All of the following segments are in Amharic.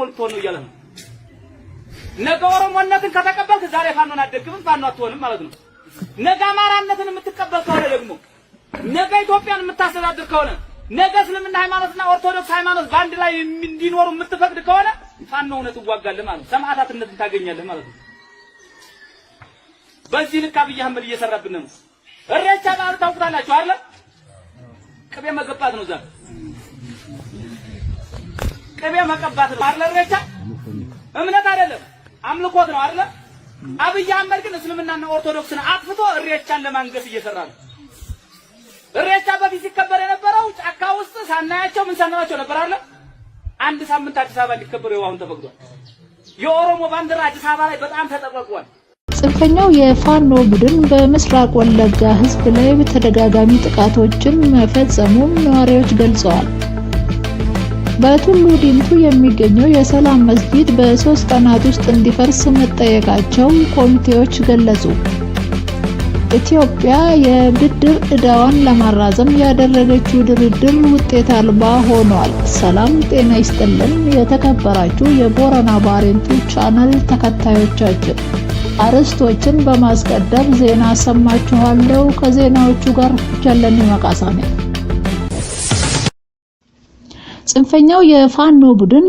ሞልቶ ነው እያለ ነው። ነገ ኦሮሞነትን ከተቀበልክ ዛሬ ፋኖን አደግፍም ፋኖ አትሆንም ማለት ነው። ነገ አማራነትን የምትቀበል ከሆነ ደግሞ ነገ ኢትዮጵያን የምታስተዳድር ከሆነ ነገ እስልምና ሃይማኖትና ኦርቶዶክስ ሃይማኖት በአንድ ላይ እንዲኖሩ የምትፈቅድ ከሆነ ፋኖ እውነት እዋጋለህ ማለት ነው። ሰማዕታትነትን ታገኛለህ ማለት ነው። በዚህ ልክ አብይ አህመድ እየሰራብን ነው። እሬቻ በዓል ታውቁታላችሁ አይደል? ቅቤ መገባት ነው ዛሬ ቅቤ መቀባት ነው አይደል? እሬቻ እምነት አይደለም አምልኮት ነው አይደል? አብይ አህመድ ግን እስልምናና ኦርቶዶክስን አጥፍቶ እሬቻን ለማንገስ እየሰራ ነው። እሬቻ በፊት ሲከበር የነበረው ጫካ ውስጥ ሳናያቸው ምን ሳናያቸው ነበር አይደል? አንድ ሳምንት አዲስ አበባ እንዲከበር ይኸው አሁን ተፈቅዷል። የኦሮሞ ባንዲራ አዲስ አበባ ላይ በጣም ተጠቅቋል። ጽንፈኛው የፋኖ ቡድን በምስራቅ ወለጋ ህዝብ ላይ ተደጋጋሚ ጥቃቶችን መፈጸሙን ነዋሪዎች ገልጸዋል። በቱሉ ዲምቱ የሚገኘው የሰላም መስጊድ በሶስት ቀናት ውስጥ እንዲፈርስ መጠየቃቸው ኮሚቴዎች ገለጹ። ኢትዮጵያ የብድር ዕዳዋን ለማራዘም ያደረገችው ድርድር ውጤት አልባ ሆኗል። ሰላም ጤና ይስጥልን። የተከበራችሁ የቦረና ባሬንቱ ቻናል ተከታዮቻችን አርዕስቶችን በማስቀደም ዜና አሰማችኋለሁ። ከዜናዎቹ ጋር ቸለን መቃሳ ነኝ። ጽንፈኛው የፋኖ ቡድን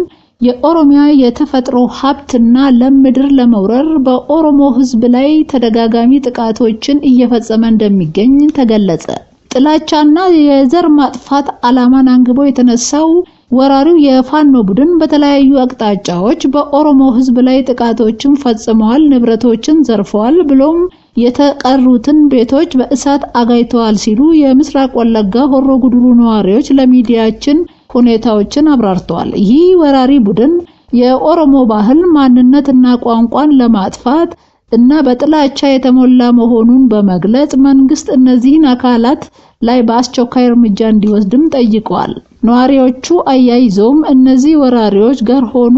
የኦሮሚያ የተፈጥሮ ሀብትና ለም ምድር ለመውረር በኦሮሞ ሕዝብ ላይ ተደጋጋሚ ጥቃቶችን እየፈጸመ እንደሚገኝ ተገለጸ። ጥላቻና የዘር ማጥፋት ዓላማን አንግቦ የተነሳው ወራሪው የፋኖ ቡድን በተለያዩ አቅጣጫዎች በኦሮሞ ሕዝብ ላይ ጥቃቶችን ፈጽመዋል፣ ንብረቶችን ዘርፈዋል፣ ብሎም የተቀሩትን ቤቶች በእሳት አጋይተዋል ሲሉ የምስራቅ ወለጋ ሆሮ ጉድሩ ነዋሪዎች ለሚዲያችን ሁኔታዎችን አብራርተዋል። ይህ ወራሪ ቡድን የኦሮሞ ባህል ማንነትና ቋንቋን ለማጥፋት እና በጥላቻ የተሞላ መሆኑን በመግለጽ መንግስት እነዚህን አካላት ላይ በአስቸኳይ እርምጃ እንዲወስድም ጠይቀዋል። ነዋሪዎቹ አያይዘውም እነዚህ ወራሪዎች ጋር ሆኖ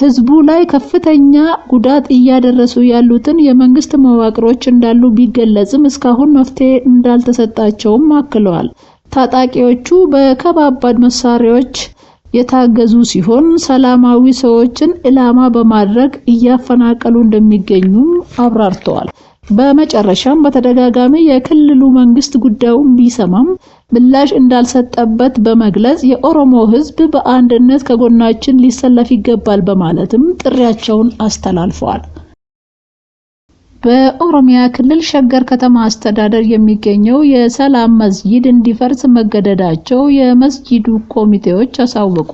ህዝቡ ላይ ከፍተኛ ጉዳት እያደረሱ ያሉትን የመንግስት መዋቅሮች እንዳሉ ቢገለጽም እስካሁን መፍትሄ እንዳልተሰጣቸውም አክለዋል። ታጣቂዎቹ በከባባድ መሳሪያዎች የታገዙ ሲሆን ሰላማዊ ሰዎችን ኢላማ በማድረግ እያፈናቀሉ እንደሚገኙም አብራርተዋል። በመጨረሻም በተደጋጋሚ የክልሉ መንግስት ጉዳዩን ቢሰማም ምላሽ እንዳልሰጠበት በመግለጽ የኦሮሞ ሕዝብ በአንድነት ከጎናችን ሊሰለፍ ይገባል በማለትም ጥሪያቸውን አስተላልፈዋል። በኦሮሚያ ክልል ሸገር ከተማ አስተዳደር የሚገኘው የሰላም መስጂድ እንዲፈርስ መገደዳቸው የመስጂዱ ኮሚቴዎች አሳወቁ።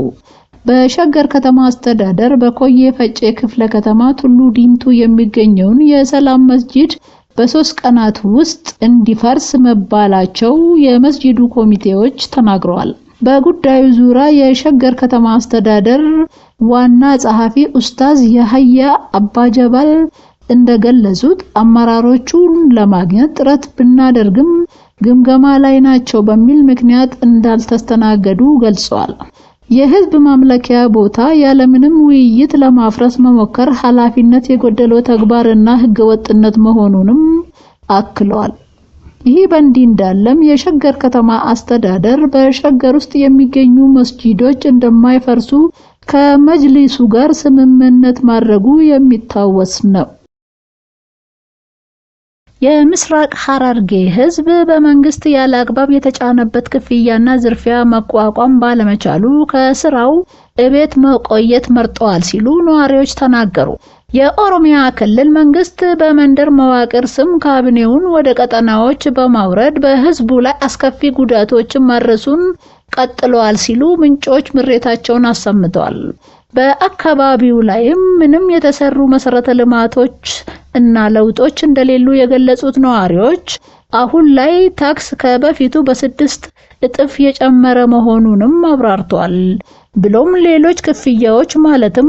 በሸገር ከተማ አስተዳደር በኮዬ ፈጬ ክፍለ ከተማ ቱሉ ዲንቱ የሚገኘውን የሰላም መስጂድ በሶስት ቀናት ውስጥ እንዲፈርስ መባላቸው የመስጂዱ ኮሚቴዎች ተናግረዋል። በጉዳዩ ዙሪያ የሸገር ከተማ አስተዳደር ዋና ጸሐፊ ኡስታዝ የሀያ አባጀባል እንደገለጹት አመራሮቹን ለማግኘት ጥረት ብናደርግም ግምገማ ላይ ናቸው በሚል ምክንያት እንዳልተስተናገዱ ገልጸዋል። የህዝብ ማምለኪያ ቦታ ያለምንም ውይይት ለማፍረስ መሞከር ኃላፊነት የጎደለው ተግባርና ህገወጥነት መሆኑንም አክለዋል። ይህ በእንዲህ እንዳለም የሸገር ከተማ አስተዳደር በሸገር ውስጥ የሚገኙ መስጂዶች እንደማይፈርሱ ከመጅሊሱ ጋር ስምምነት ማድረጉ የሚታወስ ነው። የምስራቅ ሐረርጌ ህዝብ በመንግስት ያለ አግባብ የተጫነበት ክፍያና ዝርፊያ መቋቋም ባለመቻሉ ከስራው እቤት መቆየት መርጠዋል ሲሉ ነዋሪዎች ተናገሩ። የኦሮሚያ ክልል መንግስት በመንደር መዋቅር ስም ካቢኔውን ወደ ቀጠናዎች በማውረድ በህዝቡ ላይ አስከፊ ጉዳቶችን ማድረሱን ቀጥለዋል ሲሉ ምንጮች ምሬታቸውን አሰምተዋል። በአካባቢው ላይም ምንም የተሰሩ መሰረተ ልማቶች እና ለውጦች እንደሌሉ የገለጹት ነዋሪዎች አሁን ላይ ታክስ ከበፊቱ በስድስት እጥፍ የጨመረ መሆኑንም አብራርቷል። ብሎም ሌሎች ክፍያዎች ማለትም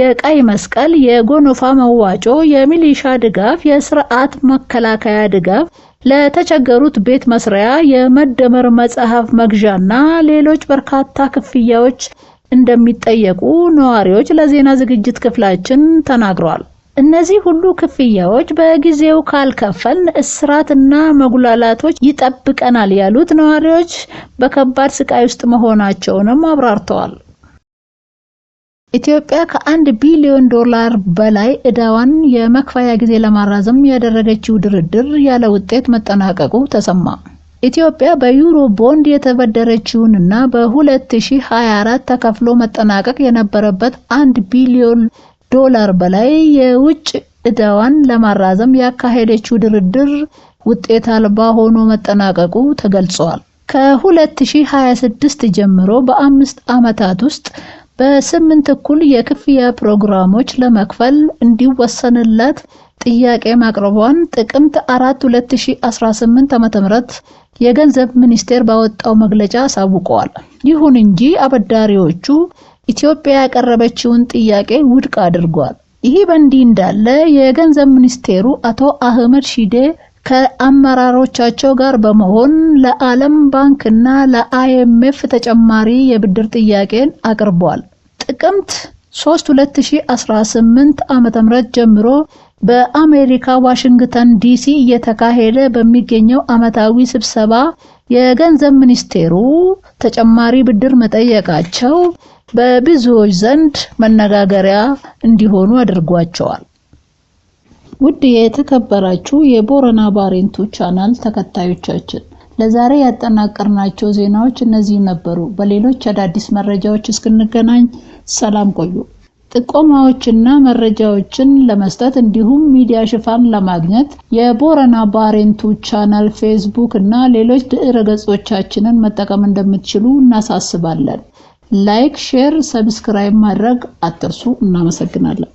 የቀይ መስቀል፣ የጎኖፋ መዋጮ፣ የሚሊሻ ድጋፍ፣ የስርዓት መከላከያ ድጋፍ፣ ለተቸገሩት ቤት መስሪያ፣ የመደመር መጽሐፍ መግዣና ሌሎች በርካታ ክፍያዎች እንደሚጠየቁ ነዋሪዎች ለዜና ዝግጅት ክፍላችን ተናግሯል። እነዚህ ሁሉ ክፍያዎች በጊዜው ካልከፈል እስራትና መጉላላቶች ይጠብቀናል ያሉት ነዋሪዎች በከባድ ስቃይ ውስጥ መሆናቸውንም አብራርተዋል። ኢትዮጵያ ከአንድ ቢሊዮን ዶላር በላይ እዳዋን የመክፈያ ጊዜ ለማራዘም ያደረገችው ድርድር ያለ ውጤት መጠናቀቁ ተሰማ። ኢትዮጵያ በዩሮ ቦንድ የተበደረችውንና በ2024 ተከፍሎ መጠናቀቅ የነበረበት አንድ ቢሊዮን ዶላር በላይ የውጭ እዳዋን ለማራዘም ያካሄደችው ድርድር ውጤት አልባ ሆኖ መጠናቀቁ ተገልጿል። ከ2026 ጀምሮ በአምስት ዓመታት ውስጥ በስምንት እኩል የክፍያ ፕሮግራሞች ለመክፈል እንዲወሰንላት ጥያቄ ማቅረቧን ጥቅምት 4 2018 ዓ.ም የገንዘብ ሚኒስቴር ባወጣው መግለጫ አሳውቀዋል። ይሁን እንጂ አበዳሪዎቹ ኢትዮጵያ ያቀረበችውን ጥያቄ ውድቅ አድርጓል። ይህ በእንዲህ እንዳለ የገንዘብ ሚኒስቴሩ አቶ አህመድ ሺዴ ከአመራሮቻቸው ጋር በመሆን ለዓለም ባንክና ለአይኤምኤፍ ተጨማሪ የብድር ጥያቄን አቅርቧል። ጥቅምት 3 2018 ም ጀምሮ በአሜሪካ ዋሽንግተን ዲሲ እየተካሄደ በሚገኘው ዓመታዊ ስብሰባ የገንዘብ ሚኒስቴሩ ተጨማሪ ብድር መጠየቃቸው በብዙዎች ዘንድ መነጋገሪያ እንዲሆኑ አድርጓቸዋል። ውድ የተከበራችሁ የቦረና ባሬንቱ ቻናል ተከታዮቻችን ለዛሬ ያጠናቀርናቸው ዜናዎች እነዚህ ነበሩ። በሌሎች አዳዲስ መረጃዎች እስክንገናኝ ሰላም ቆዩ። ጥቆማዎችና መረጃዎችን ለመስጠት እንዲሁም ሚዲያ ሽፋን ለማግኘት የቦረና ባሬንቱ ቻናል ፌስቡክ እና ሌሎች ድረ ገጾቻችንን መጠቀም እንደምትችሉ እናሳስባለን። ላይክ፣ ሼር፣ ሰብስክራይብ ማድረግ አትርሱ። እናመሰግናለን።